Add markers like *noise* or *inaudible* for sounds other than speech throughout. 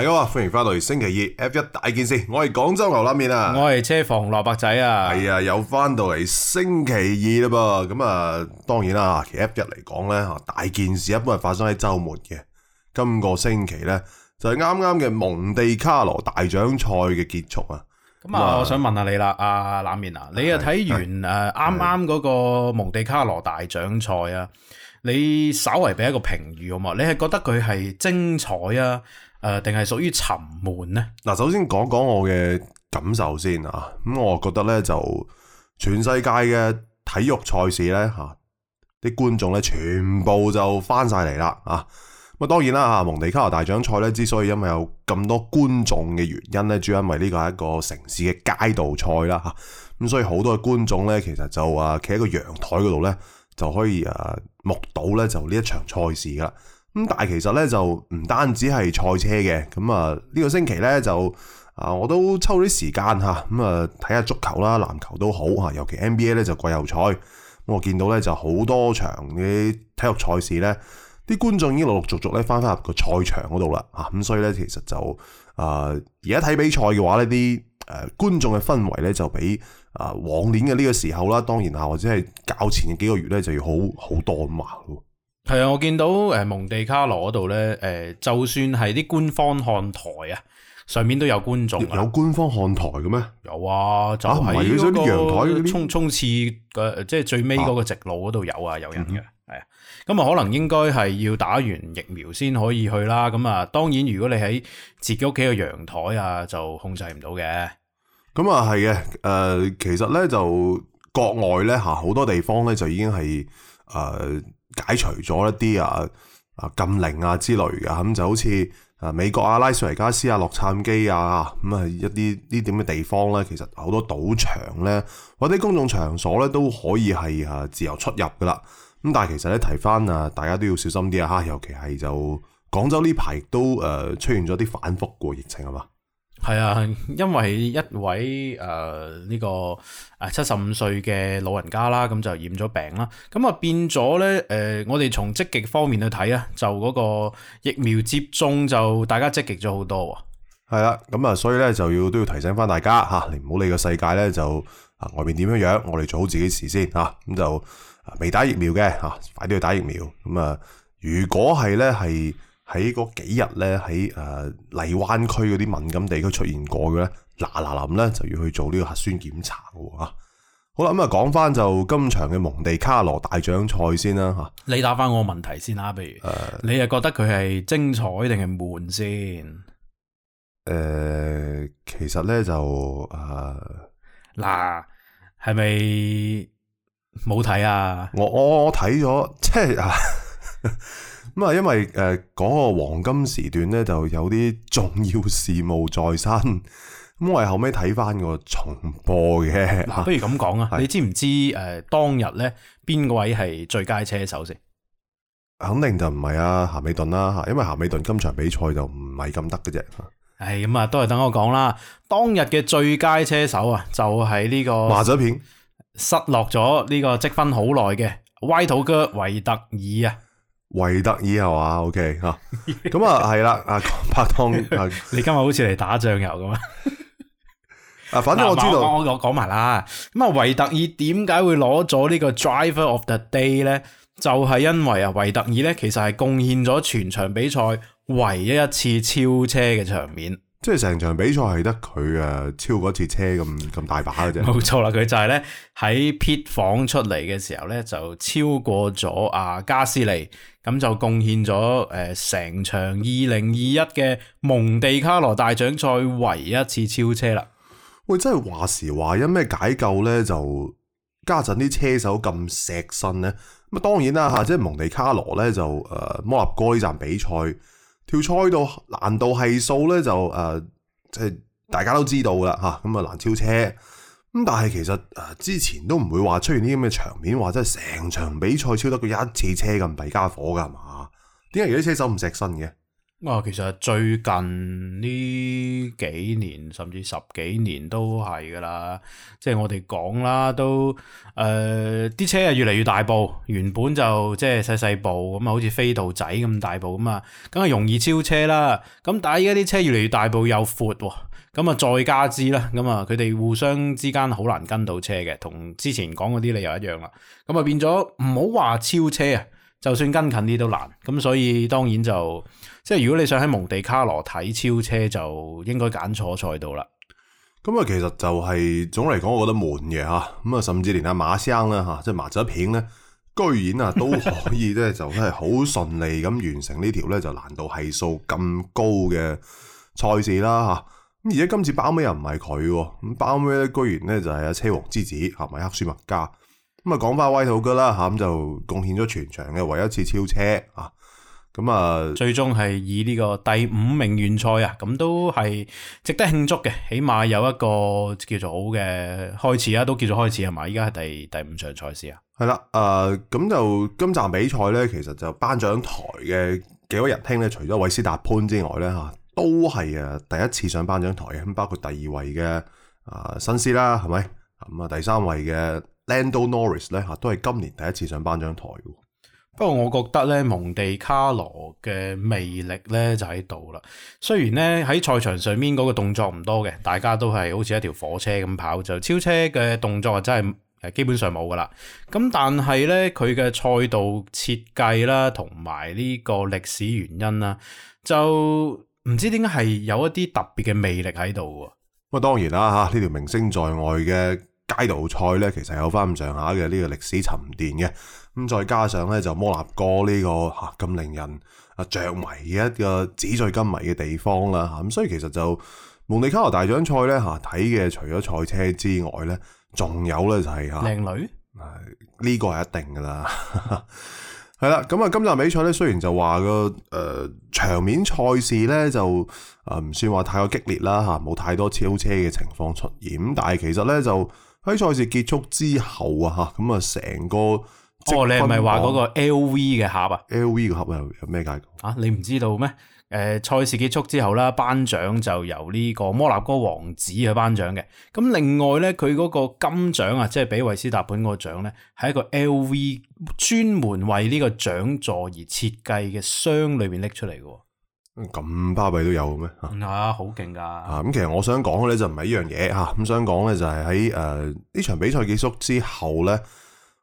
大家好，歡迎翻到嚟，星期二，F 一大件事，我係廣州牛腩麵啊，我係車房蘿蔔仔啊，係啊，又翻到嚟星期二啦噃，咁啊，當然啦，其實 F 一嚟講咧，大件事一般係發生喺周末嘅。今個星期咧，就係啱啱嘅蒙地卡羅大獎賽嘅結束啊。咁啊、嗯，我想問下你啦，阿冷麵啊，麵啊你啊睇完誒啱啱嗰個蒙地卡羅大獎賽啊，你稍為俾一個評語好嘛？你係覺得佢係精彩啊？誒，定係屬於沉悶呢？嗱，首先講講我嘅感受先啊。咁我覺得呢，就全世界嘅體育賽事呢，吓啲觀眾呢全部就翻晒嚟啦啊！咁當然啦，蒙地卡羅大獎賽呢之所以因為有咁多觀眾嘅原因呢，主要因為呢個係一個城市嘅街道賽啦吓。咁所以好多嘅觀眾呢，其實就啊，企喺個陽台嗰度呢，就可以啊，目睹呢就呢一場賽事噶啦。咁但係其實咧就唔單止係賽車嘅，咁啊呢個星期咧就啊我都抽啲時間吓，咁啊睇下足球啦、籃球都好吓，尤其 NBA 咧就季後賽，我見到咧就好多場嘅體育賽事咧，啲觀眾已經陸陸續續咧翻返入個賽場嗰度啦，啊咁所以咧其實就啊而家睇比賽嘅話咧啲誒觀眾嘅氛圍咧就比啊往年嘅呢個時候啦，當然啊或者係較前嘅幾個月咧就要好好多嘛。係啊，我見到誒蒙地卡羅嗰度咧，誒就算係啲官方看台啊，上面都有觀眾。有官方看台嘅咩？有啊，就係嗰、啊、陽台，衝衝刺嘅，即係最尾嗰個直路嗰度有啊，有人嘅。係啊，咁啊可能應該係要打完疫苗先可以去啦。咁啊，當然如果你喺自己屋企嘅陽台啊，就控制唔到嘅。咁啊係嘅，誒、呃、其實咧就國外咧吓好多地方咧就已經係誒。呃解除咗一啲啊、啊禁令啊之類嘅，咁就好似啊美國啊拉斯維加斯啊洛杉磯啊咁啊一啲呢點嘅地方咧，其實好多賭場咧或者公眾場所咧都可以係啊自由出入噶啦。咁但係其實咧提翻啊，大家都要小心啲啊，尤其係就廣州呢排都誒出現咗啲反覆過疫情係嘛。係啊，因為一位誒呢、呃呢個誒七十五歲嘅老人家啦，咁就染咗病啦，咁啊變咗咧誒，我哋從積極方面去睇啊，就嗰個疫苗接種就大家積極咗好多。係啊，咁啊、嗯、所以咧就要都要提醒翻大家吓、啊，你唔好理個世界咧就啊外面點樣樣，我哋做好自己事先吓，咁、啊嗯、就未、啊、打疫苗嘅吓、啊，快啲去打疫苗。咁啊如果係咧係。喺嗰幾日咧，喺誒、呃、荔灣區嗰啲敏感地區出現過嘅咧，嗱嗱臨咧就要去做呢個核酸檢查嘅。好啦，咁啊講翻就今場嘅蒙地卡羅大獎賽先啦吓。你打翻我的問題先啦，譬如誒、呃，你係覺得佢係精彩定係悶先？誒、呃，其實咧就誒，嗱、呃，係咪冇睇啊？我我我睇咗，即係啊。 *laughs* 咁啊，因為誒嗰個黃金時段咧，就有啲重要事務在身。咁我係後尾睇翻個重播嘅。嗱，不如咁講啊，你知唔知誒當日咧邊個位係最佳車手先？肯定就唔係啊，咸美頓啦，啊，因為咸美頓今場比賽就唔係咁得嘅啫。誒，咁啊，都係等我講啦。當日嘅最佳車手啊，就係、是、呢、這個。罵咗片，失落咗呢個積分好耐嘅歪土哥維特爾啊！維特爾係嘛？OK 吓、 *laughs* 啊，咁啊係啦，啊拍檔，你今日好似嚟打醬油咁啊！啊，pardon, *laughs* *laughs* 反正我知道我，我講埋啦。咁啊，維特爾點解會攞咗呢個 Driver of the Day 咧？就係、是、因為啊，維特爾咧其實係貢獻咗全場比賽唯一一次超車嘅場面。即係成場比賽係得佢啊，超過一次車咁咁大把嘅啫。冇錯啦，佢就係咧喺撇房出嚟嘅時候咧，就超過咗啊加斯利，咁就貢獻咗誒成場二零二一嘅蒙地卡羅大獎賽唯一一次超車啦。喂，真係話時話有咩解救咧？就加陣啲車手咁錫身咧。咁啊，當然啦吓，即係蒙地卡羅咧就誒、呃、摩納哥呢站比賽。條賽道難度係數咧就誒，即、呃、係、就是、大家都知道噶啦吓，咁啊難超車，咁但係其實誒、呃、之前都唔會話出現啲咁嘅場面，話真係成場比賽超得佢一次車咁弊家伙噶係嘛？點解而家車手唔錫身嘅？啊、哦，其實最近呢幾年甚至十幾年都係噶啦，即係我哋講啦，都誒啲、呃、車啊越嚟越大部，原本就即係細細部咁啊，好似飛度仔咁大部咁啊，梗係容易超車啦。咁但係而家啲車越嚟越大部又闊，咁啊再加之啦，咁啊佢哋互相之間好難跟到車嘅，同之前講嗰啲理由一樣啦。咁啊變咗唔好話超車啊！就算跟近啲都難，咁所以當然就即係如果你想喺蒙地卡羅睇超車就應該揀錯賽道啦。咁啊其實就係總嚟講我覺得悶嘅吓，咁啊甚至連阿馬生啦吓，即係麻雀片咧，居然啊都可以咧，就真係好順利咁完成呢條咧，就難度係數咁高嘅賽事啦吓。咁 *laughs* 而家今次包尾又唔係佢，咁包尾咧居然咧就係阿車王之子係咪黑舒麥加？咁啊，講翻威土哥啦嚇，咁就貢獻咗全場嘅唯一一次超車啊！咁啊，最終係以呢個第五名完賽啊，咁都係值得慶祝嘅，起碼有一個叫做好嘅開始啊，都叫做開始係嘛？依家係第第五場賽事啊，係啦，咁、呃、就今站比賽咧，其實就頒獎台嘅幾個人聽咧，除咗韋斯達潘之外咧嚇，都係第一次上頒獎台咁，包括第二位嘅啊、呃、新師啦，係咪咁啊？第三位嘅。Lando Norris 咧嚇都係今年第一次上頒獎台嘅。不過我覺得咧蒙地卡羅嘅魅力咧就喺度啦。雖然咧喺賽場上面嗰個動作唔多嘅，大家都係好似一條火車咁跑，就超車嘅動作啊真係誒基本上冇噶啦。咁但係咧佢嘅賽道設計啦，同埋呢個歷史原因啦，就唔知點解係有一啲特別嘅魅力喺度喎。不過當然啦嚇呢條明星在外嘅。街道賽咧，其實有翻咁上下嘅呢個歷史沉澱嘅，咁再加上咧就摩納哥呢，這個吓咁令人啊着迷嘅一個紙醉金迷嘅地方啦吓，咁所以其實就蒙地卡羅大獎賽咧吓睇嘅除咗賽車之外咧，仲有咧就係吓靚女，係、啊、呢、這個係一定噶啦，係 *laughs* 啦，咁啊今日比賽咧雖然就話個誒、呃、場面賽事咧就誒唔算話太過激烈啦吓，冇太多超車嘅情況出現，咁但係其實咧就。喺賽事結束之後啊，吓咁啊，成個哦，你係咪話嗰個 L V 嘅盒啊？L V 嘅盒有有咩解？啊，你唔知道咩？誒，賽事結束之後啦，頒獎就由呢個摩納哥王子去頒獎嘅。咁另外咧，佢嗰個金獎啊，即係俾維斯塔本個獎咧，係一個 L V 專門為呢個獎座而設計嘅箱裏邊拎出嚟嘅。咁巴閉都有嘅咩？啊，好勁噶！啊，咁其實我想講咧就唔係呢樣嘢吓，咁想講咧就係喺誒呢場比賽結束之後咧，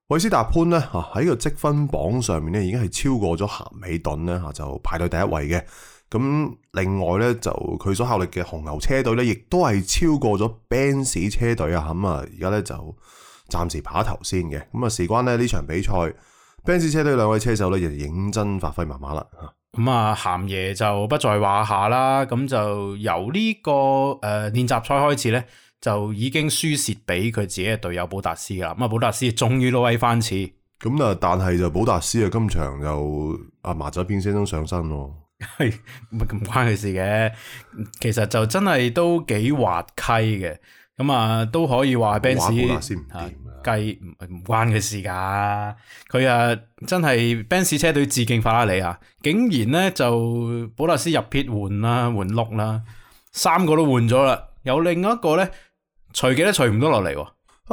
衛斯達潘咧吓喺個積分榜上面咧已經係超過咗咸美頓咧吓，就排到第一位嘅。咁另外咧就佢所效力嘅紅牛車隊咧，亦都係超過咗 b 奔馳車隊啊。咁啊，而家咧就暫時爬頭先嘅。咁啊，事關咧呢場比賽，b 奔馳車隊兩位車手咧就認真發揮麻麻啦。咁、嗯、啊，咸爺就不在話下啦。咁、嗯、就由呢、這個誒練習賽開始咧，就已經輸蝕俾佢自己嘅隊友寶達斯啦。咁、嗯嗯、啊，寶達斯終於都威翻次。咁啊，但係就寶達斯啊，今場又阿麻咗變聲聲上身咯。係，唔係唔關佢事嘅。其實就真係都幾滑稽嘅。咁啊，都可以話 Benz 計唔唔關佢事噶、啊。佢、嗯、啊，真係 Benz 車隊致敬法拉利啊，竟然咧就保達斯入撇 i 換啦，換轆啦，三個都換咗啦。有另一個咧，除幾多除唔到落嚟。啊，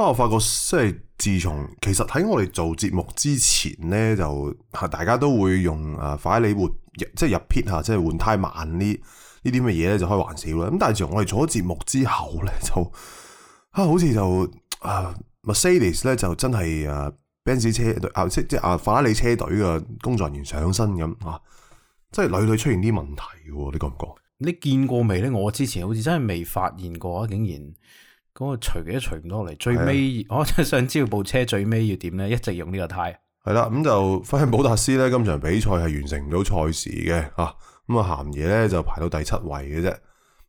我發覺即係自從其實喺我哋做節目之前咧，就大家都會用啊法拉利換，即係入撇 i 即係換胎慢啲。呢啲咩嘢咧就開玩笑啦，咁但係自從我哋做咗節目之後咧，就啊好似就啊 Mercedes 咧就真係啊 Benz 車隊啊即即啊法拉利車隊嘅工作人員上身咁啊，即係屢屢出現啲問題喎，你覺唔覺？你見過未咧？我之前好似真係未發現過啊，竟然嗰個除幾都除唔到嚟，最尾我真係想知道部車最尾要點咧，一直用呢個胎。係啦，咁就法恩寶達斯咧，今場比賽係完成唔到賽事嘅。吓咁啊咸爺咧就排到第七位嘅啫。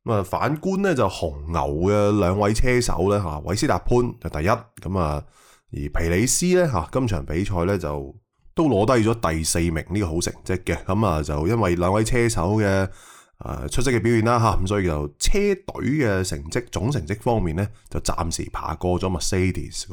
咁啊反觀咧就紅牛嘅兩位車手咧吓，韋斯達潘就第一，咁啊而皮里斯咧吓，今場比賽咧就都攞低咗第四名呢個好成績嘅。咁啊就因為兩位車手嘅誒出色嘅表現啦吓，咁所以就車隊嘅成績總成績方面咧就暫時爬過咗 Mercedes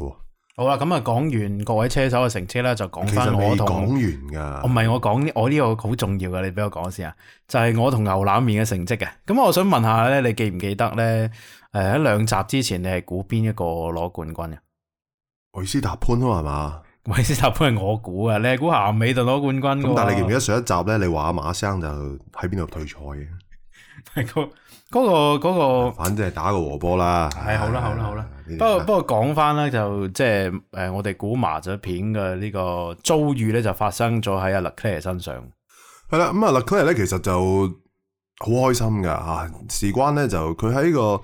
好啦，咁啊講完各位車手嘅成績啦，就講翻我同講完噶，唔係我講，我呢個好重要嘅，你俾我講先啊，就係我同牛腩麵嘅成績嘅。咁我想問下咧，你記唔記得咧？誒，喺兩集之前，你係估邊一個攞冠軍啊？維斯塔潘啊，係嘛？維斯塔潘係我估啊，你係估咸美頓攞冠軍。咁但係你記唔記得上一集咧？你話阿馬生就喺邊度退賽嘅？嗰、 *laughs* 那個嗰、那個那個，反正係打個和波啦。係好啦，好啦，好啦，啊。不過，啊、不過講翻咧，就即係誒，就是，我哋估麻雀片嘅呢個遭遇咧，就發生咗喺阿勒克利身上。係啦，咁啊勒克利咧其實就好開心噶吓。事關咧就佢喺個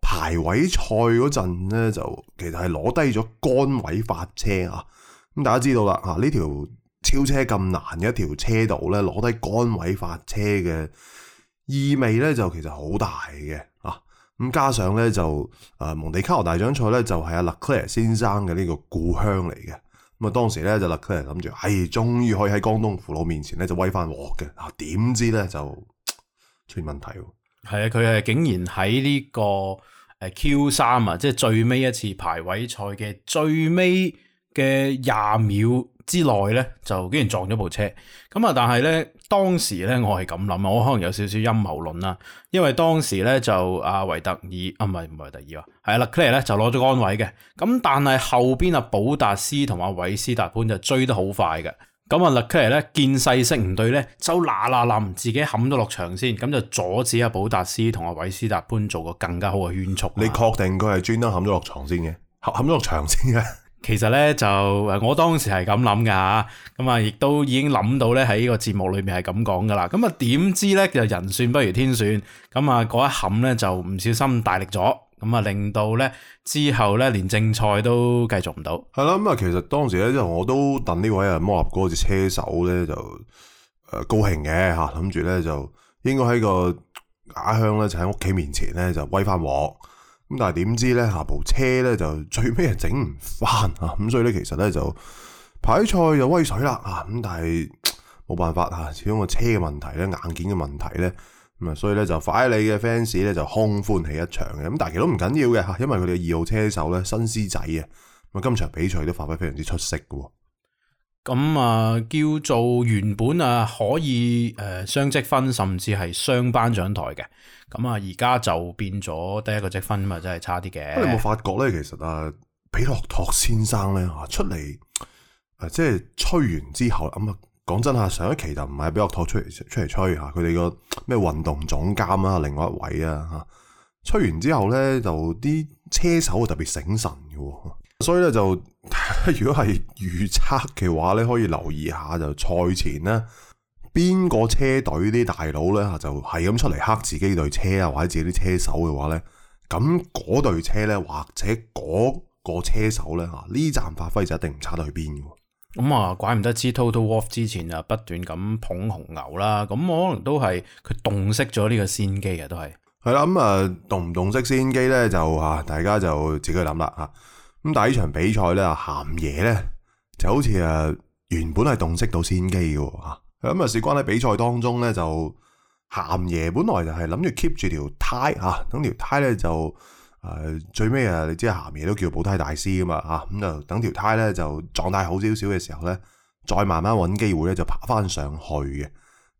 排位賽嗰陣咧，就其實係攞低咗杆位發車啊。咁大家知道啦吓，呢、啊、條超車咁難嘅一條車道咧，攞低杆位發車嘅。意味咧就其實好大嘅啊，咁加上咧就、呃、蒙地卡羅大獎賽咧就係、是、阿、啊、勒克 r 先生嘅呢個故鄉嚟嘅，咁啊當時咧就勒克 r 諗住，唉、哎，終於可以喺江東父佬面前咧就威翻鍋嘅，啊點知咧就出現問題喎，係啊，佢係竟然喺呢個 Q 三啊，即係最尾一次排位賽嘅最尾嘅廿秒之內咧，就竟然撞咗部車，咁啊！但係咧，當時咧我係咁諗啊，我可能有少少陰謀論啦，因為當時咧就阿維特爾啊，唔係唔係維特爾啊，係勒克雷咧就攞咗安慰嘅，咁但係後邊阿保達斯同阿韋斯達潘就追得好快嘅，咁啊，勒克雷咧見勢色唔對咧，就嗱嗱淋自己冚咗落牆先，咁就阻止阿保達斯同阿韋斯達潘做個更加好嘅圈速。你確定佢係專登冚咗落牆先嘅，冚咗落牆先嘅？ *laughs* 其實咧就誒，我當時係咁諗噶吓，咁啊亦都已經諗到咧喺呢個節目裏面係咁講噶啦，咁啊點知咧就人算不如天算，咁啊嗰一冚咧就唔小心大力咗，咁啊令到咧之後咧連正賽都繼續唔到。係啦，咁啊其實當時咧就我都戥呢位啊摩納哥隻車手咧就誒高興嘅吓，諗住咧就應該喺個家鄉咧就喺屋企面前咧就威翻我咁但係點知咧下，部車咧就最尾係整唔翻啊。咁所以咧，其實咧就排賽就威水啦，啊咁但係冇辦法吓，始終個車嘅問題咧、硬件嘅問題咧咁啊，所以咧就快你嘅 fans 咧就空歡喜一場嘅。咁，但係其實都唔緊要嘅吓，因為佢哋二號車手咧，新師仔啊，咁啊今場比賽都發揮非常之出色喎。咁啊，叫做原本啊可以誒雙積分，甚至係雙頒獎台嘅。咁啊，而家就變咗得一個積分，咪真係差啲嘅。你有冇發覺咧？其實啊，比諾托先生咧，出嚟誒，即係吹完之後，咁啊，講真啊，上一期就唔係比諾托出嚟出嚟吹吓，佢哋個咩運動總監啊，另外一位啊吓，吹完之後咧，就啲車手特別醒神嘅啊。所以咧就如果係預測嘅話咧，可以留意一下就賽前咧邊個車隊啲大佬咧就係咁出嚟黑自己隊車啊，或者自己啲車手嘅話咧，咁嗰隊車咧或者嗰個車手咧啊呢站發揮就一定唔差到去邊嘅。咁啊，怪唔得知 Toto Wolff 之前啊不斷咁捧紅牛啦，咁可能都係佢洞悉咗呢個先機嘅，都係係啦。咁啊，洞唔洞悉先機咧就吓大家就自己去諗啦吓。咁但係呢場比賽咧，咸爺咧就好似誒原本係洞悉到先機嘅嚇，咁啊，事關喺比賽當中咧，就咸爺本來就係諗住 keep 住條胎嚇，等條胎咧就誒、呃、最尾啊，你知咸爺都叫補胎大師噶嘛嚇，咁就等條胎咧就狀態好少少嘅時候咧，再慢慢揾機會咧就爬翻上去嘅。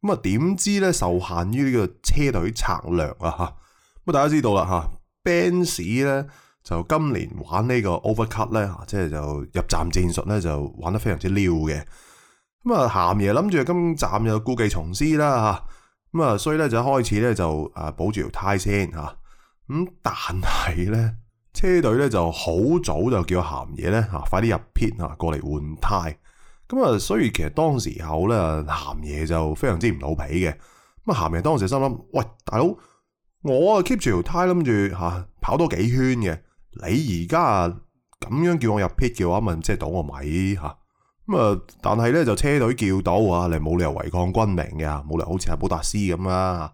咁啊，點知咧受限於呢個車隊策略啊嚇，咁大家知道啦嚇，Benz 咧。就今年玩呢個 overcut 咧，即係就入站戰術咧就玩得非常之溜嘅。咁啊咸爺諗住今站又故技重施啦吓，咁啊所以咧就開始咧就啊保住條胎先吓。咁但係咧車隊咧就好早就叫咸爺咧吓快啲入 pit 吓過嚟換胎。咁啊所以其實當時候咧咸爺就非常之唔老脾嘅。咁啊咸爺當時心諗，喂，大佬，我啊 keep 住條胎諗住吓跑多幾圈嘅。你而家咁樣叫我入 pit 嘅話，咪即係擋我米吓咁啊！但係咧就車隊叫到啊，你冇理由違抗軍令嘅，冇理由好似阿布達斯咁啊！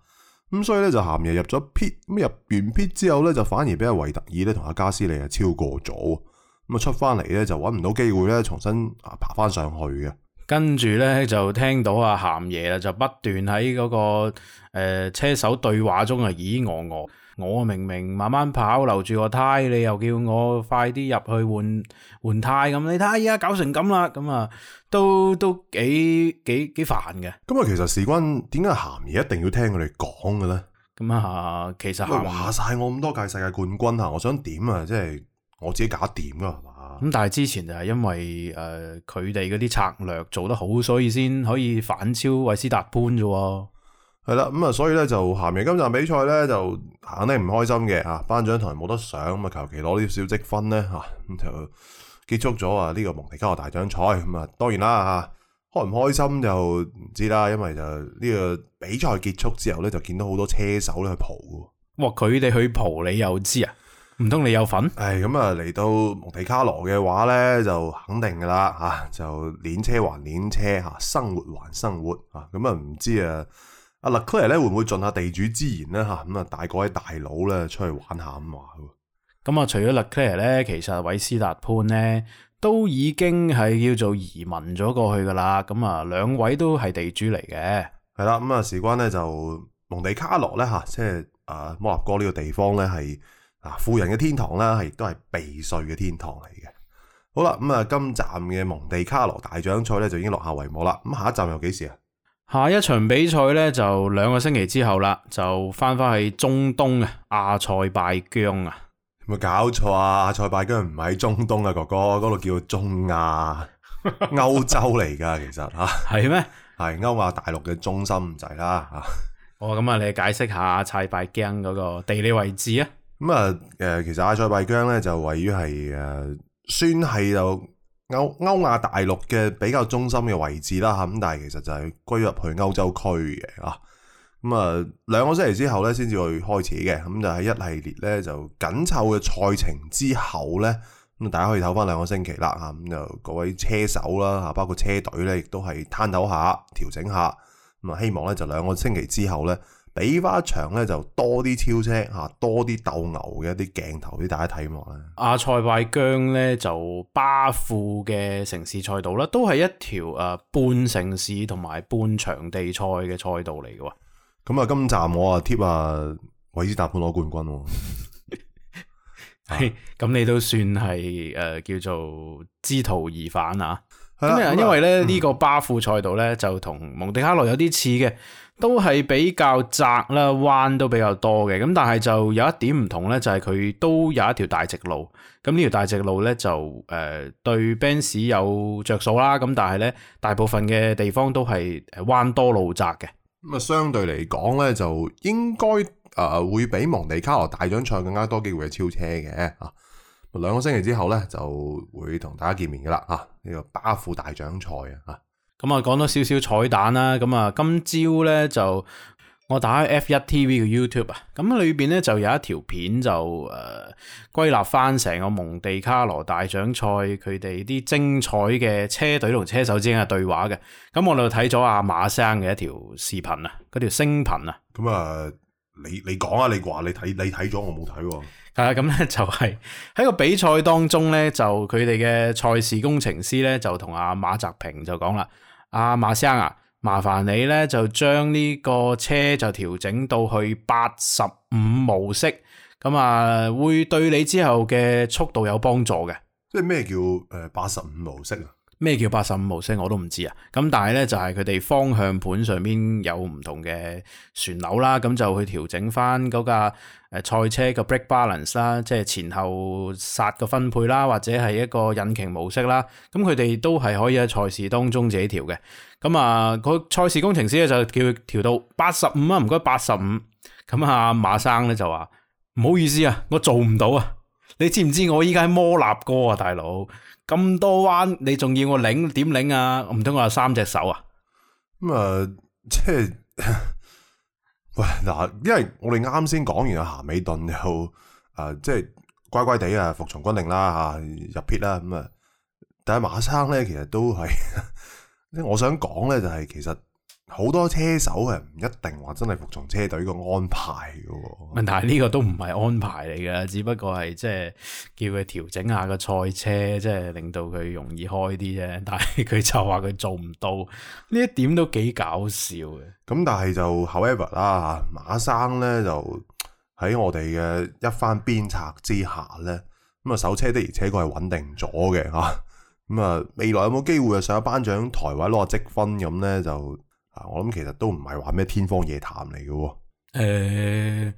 咁所以咧就咸日入咗 pit，咁入完 pit 之後咧就反而俾阿維特爾咧同阿加斯利啊超過咗，咁啊出翻嚟咧就搵唔到機會咧重新啊爬翻上去嘅。跟住咧就聽到阿、啊、咸爺啦，就不斷喺嗰、那個誒、呃、車手對話中啊，咦我我、呃呃，我明明慢慢跑，留住個胎，你又叫我快啲入去換換胎，咁你睇依家搞成咁啦，咁啊都都幾幾幾煩嘅。咁啊，其實事關點解咸爺一定要聽佢哋講嘅咧？咁啊，其實話晒我咁多屆世界冠軍啊，我想點啊，即係～我自己搞掂噶，係嘛？咁但係之前就係因為誒佢哋嗰啲策略做得好，所以先可以反超維斯塔潘啫。係啦，咁、嗯、啊，所以咧就咸魚今場比賽咧就行得唔開心嘅吓，頒、啊、獎台冇得上，咁啊求其攞啲少積分咧吓，咁就結束咗啊呢個蒙地卡羅大獎賽。咁、嗯、啊，當然啦吓，開唔開心就唔知啦，因為就呢個比賽結束之後咧，就見到好多車手咧去蒲。哇！佢哋去蒲，你又知啊？唔通你有份？誒，咁啊，嚟到蒙地卡羅嘅話咧，就肯定噶啦吓，就練車還練車吓，生活還生活、嗯、啊。咁啊，唔知啊，阿勒克 a 咧會唔會盡下地主之誼咧吓？咁啊，帶位大佬咧出去玩下咁話。咁、嗯、啊，除咗勒克 a 呢，咧，其實韋斯達潘咧都已經係叫做移民咗過去噶啦。咁啊，兩位都係地主嚟嘅，係啦。咁、嗯、啊，事關咧就蒙地卡羅咧吓，即係啊摩納哥呢個地方咧係，富人嘅天堂啦，亦都係避稅嘅天堂嚟嘅。好啦，咁啊，今站嘅蒙地卡羅大獎賽咧，就已經落下帷幕啦。咁下一站又幾時啊？下一場比賽咧，就兩個星期之後啦，就翻翻去中東啊。阿塞拜疆啊。有冇搞錯啊！阿塞拜疆唔係喺中東啊，哥哥，嗰度叫中亞歐 *laughs* 洲嚟噶，其實吓。係 *laughs* 咩？係歐亞大陸嘅中心就係啦。吓， *laughs* 哦，咁啊，你解釋下阿塞拜疆嗰個地理位置啊？咁啊，誒，其實阿塞拜疆咧就位於係誒，算係就歐歐亞大陸嘅比較中心嘅位置啦吓，咁但係其實就係歸入去歐洲區嘅啊。咁、嗯、啊，兩個星期之後咧，先至會開始嘅，咁、嗯、就喺、是、一系列咧就緊湊嘅賽程之後咧，咁、嗯、大家可以唞翻兩個星期啦吓，咁、嗯、就各位車手啦吓，包括車隊咧，亦都係攤唞下、調整下，咁、嗯、啊，希望咧就兩個星期之後咧。比花場咧就多啲超車吓，多啲鬥牛嘅一啲鏡頭俾大家睇望咧。阿塞拜疆咧就巴庫嘅城市賽道啦，都係一條誒半城市同埋半場地賽嘅賽道嚟嘅。咁啊，今站我啊貼啊韋斯達潘攞冠軍、哦，係 *laughs* 咁 *laughs* *laughs* *laughs* *laughs* *laughs* *laughs* *laughs* 你都算係誒、呃、叫做知途而返啊！因為咧呢個巴庫賽道咧就同蒙地卡羅有啲似嘅，都係比較窄啦，彎都比較多嘅。咁但係就有一點唔同咧，就係、是、佢都有一條大直路。咁呢條大直路咧就誒、呃、對 Benz 有着數啦。咁但係咧大部分嘅地方都係彎多路窄嘅。咁啊相對嚟講咧就應該誒會比蒙地卡羅大獎賽更加多機會係超車嘅啊。兩個星期之後咧，就會同大家見面噶啦吓，呢個巴富大獎賽啊，吓咁啊，講、嗯嗯嗯嗯、多少少彩蛋啦。咁啊，今朝咧就我打開 F 一 TV 嘅 YouTube 啊，咁裏邊咧就有一條片就誒歸納翻成個蒙地卡羅大獎賽佢哋啲精彩嘅車隊同車手之間嘅對話嘅。咁我哋就睇咗阿馬生嘅一條視頻啊，嗰條聲頻啊。咁、嗯、啊、嗯，你你講啊，你話你睇你睇咗，我冇睇喎。係啦，咁咧就係喺個比賽當中咧，就佢哋嘅賽事工程師咧就同阿馬澤平就講啦，阿馬生啊，麻煩你咧就將呢個車就調整到去八十五模式，咁啊，會對你之後嘅速度有幫助嘅。即係咩叫誒八十五模式啊？咩叫八十五模式我都唔知啊，咁但係呢就係佢哋方向盤上面有唔同嘅旋鈕啦，咁就去調整翻嗰架誒賽車嘅 brake balance 啦，即係前後剎嘅分配啦，或者係一個引擎模式啦，咁佢哋都係可以喺賽事當中自己調嘅。咁啊，個賽事工程師咧就叫佢調到八十五啊，唔該八十五。咁阿馬生咧就話唔好意思啊，我做唔到啊，你知唔知我依家喺摩納哥啊，大佬？咁多彎，你仲要我擰點擰啊？唔通我有三隻手啊？咁啊、嗯呃，即係喂嗱，因為我哋啱先講完阿咸美頓，又啊、呃，即係乖乖地啊服從軍令啦吓，入 pit 啦咁啊，但係馬生咧，其實都係、嗯，我想講咧就係其實。好多車手係唔一定話真係服從車隊個安排嘅喎。問題呢個都唔係安排嚟嘅，只不過係即係叫佢調整一下個賽車，即係令到佢容易開啲啫。但係佢就話佢做唔到，呢一點都幾搞笑嘅。咁但係就 however 啦，馬生呢就喺我哋嘅一番鞭策之下呢，咁啊首車的而且確係穩定咗嘅嚇。咁 *laughs* 啊未來有冇機會啊上一班獎台位攞個積分咁呢就？我諗其實都唔係話咩天方夜譚嚟嘅喎。誒，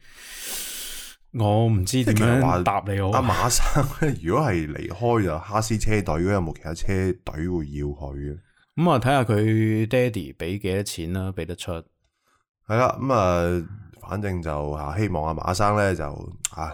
我唔知點樣答你。我阿、啊、馬生，如果係離開咗哈斯車隊，如果有冇其他車隊會要佢嘅？咁、嗯、啊，睇下佢爹哋俾幾多錢啦，俾得出。係啦，咁啊，反正就希望阿馬生咧就啊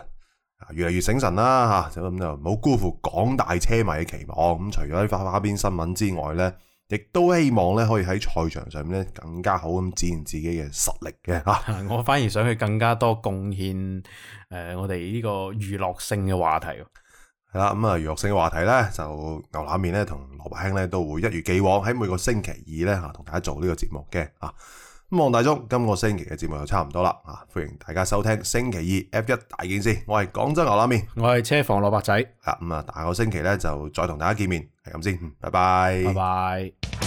越嚟越醒神啦吓、啊，就咁就唔好辜負廣大車迷嘅期望。咁、嗯、除咗喺花花邊新聞之外咧。亦都希望咧，可以喺賽場上面咧更加好咁展現自己嘅實力嘅嚇。我反而想去更加多貢獻，誒，我哋呢個娛樂性嘅話題。係 *laughs* 啦，咁啊娛樂性嘅話題咧，就牛腩麵咧同蘿蔔兄咧都會一如既往喺每個星期二咧嚇同大家做呢個節目嘅啊。希望大眾，今個星期嘅節目就差唔多啦，啊！歡迎大家收聽星期二 F1 大件事。我係廣州牛腩麵，我係車房蘿蔔仔。啊，咁啊，下個星期咧就再同大家見面，係咁先，拜拜。拜拜。